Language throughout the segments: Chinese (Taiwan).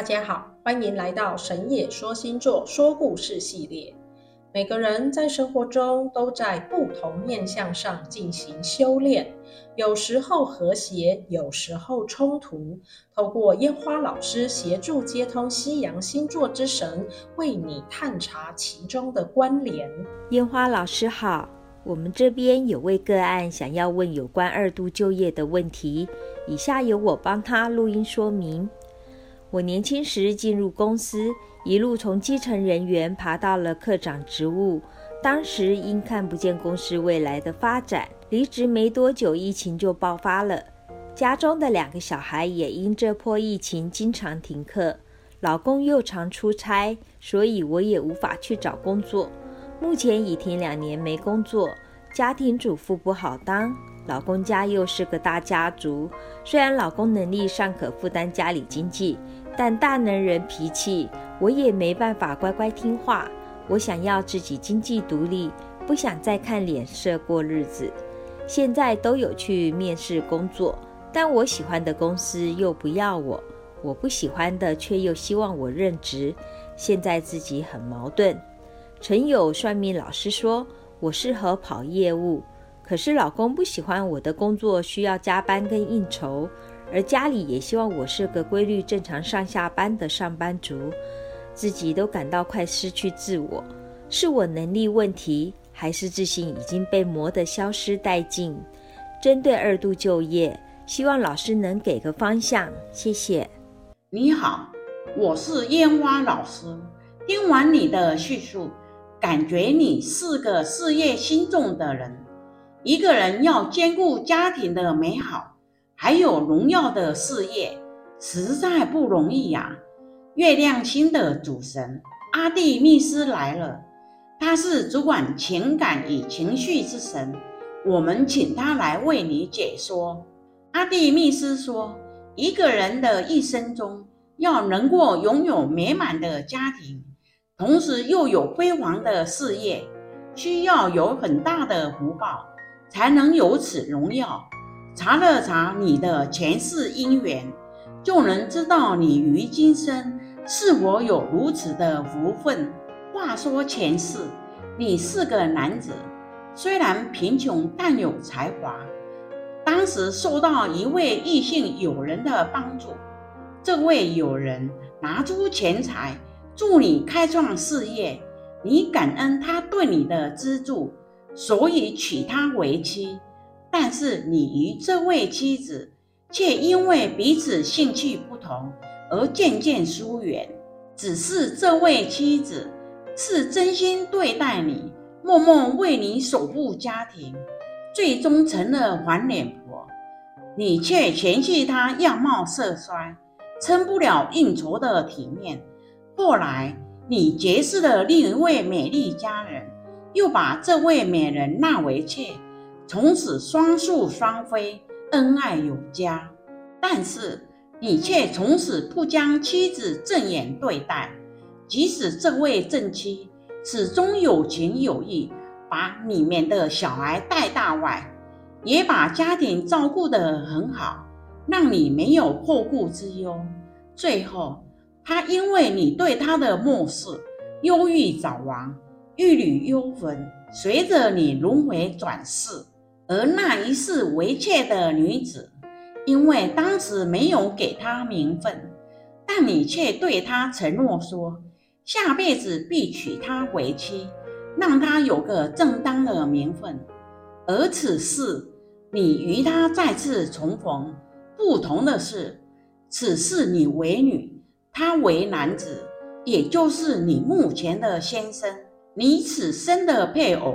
大家好，歡迎來到神野說星座說故事系列。每個人在生活中都在不同面向上進行修煉，有時候和諧，有時候衝突。透過煙花老師協助接通西洋星座之神，為你探查其中的關聯。煙花老師好，我們這邊有位個案想要問有關二度就業的問題，以下由我幫他錄音說明。我年輕時進入公司，一路從基層人員爬到了科長職務。當時因看不見公司未來的發展，離職沒多久，疫情就爆發了。家中的兩個小孩也因這波疫情經常停課，老公又常出差，所以我也無法去找工作。目前已停兩年沒工作，家庭主婦不好當。老公家又是個大家族，雖然老公能力尚可負擔家裡經濟。但大男人脾氣，我也沒辦法乖乖聽話。我想要自己經濟獨立，不想再看臉色過日子。現在都有去面試工作，但我喜歡的公司又不要我，我不喜歡的卻又希望我任職。現在自己很矛盾。曾有算命老師說我適合跑業務，可是老公不喜歡我的工作，需要加班跟應酬。而家裡也希望我是個規律、正常上下班的上班族，自己都感到快失去自我，是我能力問題，還是自信已經被磨得消失殆盡？針對二度就業，希望老師能給個方向，謝謝。你好，我是神野老師。聽完你的敘述，感覺你是個事業心重的人。一個人要兼顧家庭的美好。還有榮耀的事業，實在不容易呀，啊！月亮星的主神阿蒂密斯來了，他是主管情感與情緒之神。我們請他來為你解說。阿蒂密斯說：“一個人的一生中，要能夠擁有美滿的家庭，同時又有輝煌的事業，需要有很大的福報，才能有此榮耀。”查了查你的前世姻緣，就能知道你於今生是否有如此的福分。話說前世，你是個男子，雖然貧窮但有才華。當時受到一位異性友人的幫助，這位友人拿出錢財助你開創事業，你感恩他對你的資助，所以娶她為妻。但是你與這位妻子卻因為彼此興趣不同而漸漸疏遠。只是這位妻子是真心對待你，默默為你守護家庭，最終成了黃臉婆，你卻嫌棄她樣貌色衰，撐不了應酬的體面。後來你結識了另一位美麗佳人，又把這位美人納為妾。從此雙宿雙飛，恩愛有加，但是你卻從此不將妻子正眼對待。即使這位正妻始終有情有義，把裡面的小孩帶大外，也把家庭照顧得很好，讓你沒有後顧之憂。最後，她因為你對她的漠視，憂鬱早亡，一縷幽魂隨着你輪迴轉世。而那一世為妾的女子，因為當時沒有給她名分，但你卻對她承諾說，下輩子必娶她為妻，讓她有個正當的名分。而此世，你與她再次重逢，不同的是，此世你為女，他為男子，也就是你目前的先生，你此生的配偶，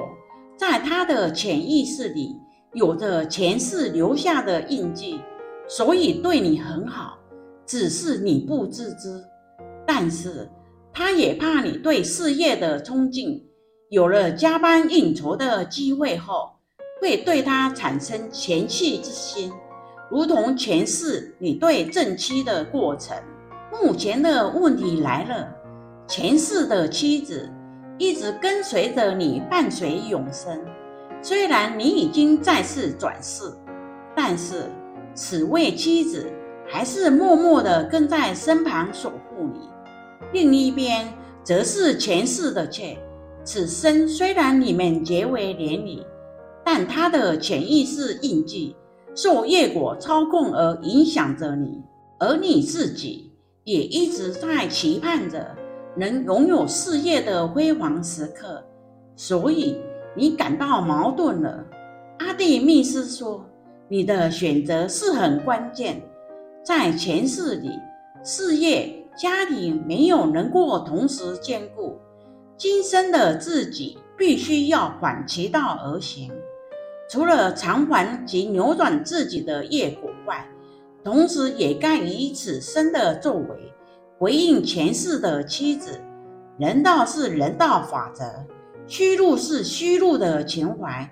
在他的潛意識裡。有着前世留下的印記，所以對你很好，只是你不自知。但是，他也怕你對事業的衝勁，有了加班應酬的機會後，會對他產生嫌棄之心，如同前世你對正妻的過程。目前的問題來了，前世的妻子一直跟隨着你，伴隨永生。雖然你已經再次轉世，但是此位妻子還是默默地跟在身旁守護你。另一邊則是前世的妾，此生雖然你們結為連理，但她的潛意識印記受業果操控而影響着你，而你自己也一直在期盼着能擁有事業的輝煌時刻，所以。你感到矛盾了，阿蒂密斯說：“你的選擇是很關鍵。在前世裡，事業、家庭沒有能夠同時兼顧，今生的自己必須要反其道而行。除了償還及扭轉自己的業果外，同時也該以此生的作為回應前世的妻子。人道是人道法則。”虛入是虛入的情懷，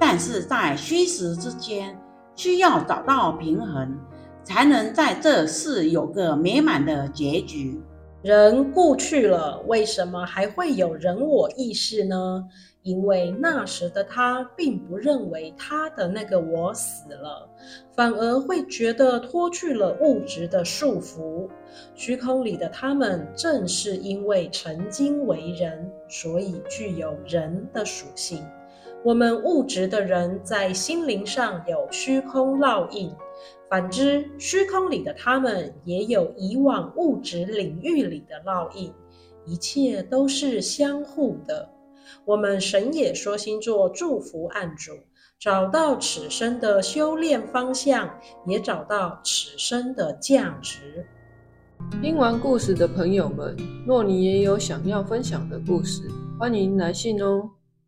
但是在虛實之間需要找到平衡，才能在這世有個美滿的結局。人故去了，為什麼還會有人我意識呢？因為那時的他並不認為他的那個我死了，反而會覺得脫去了物質的束縛。虛空裡的他們，正是因為曾經為人，所以具有人的屬性。我們物質的人在心靈上有虛空烙印，反之，虛空裡的他們也有以往物質領域裡的烙印，一切都是相互的。我們神野說星座祝福案主，找到此生的修煉方向，也找到此生的價值。聽完故事的朋友們，若你也有想要分享的故事，歡迎來信哦。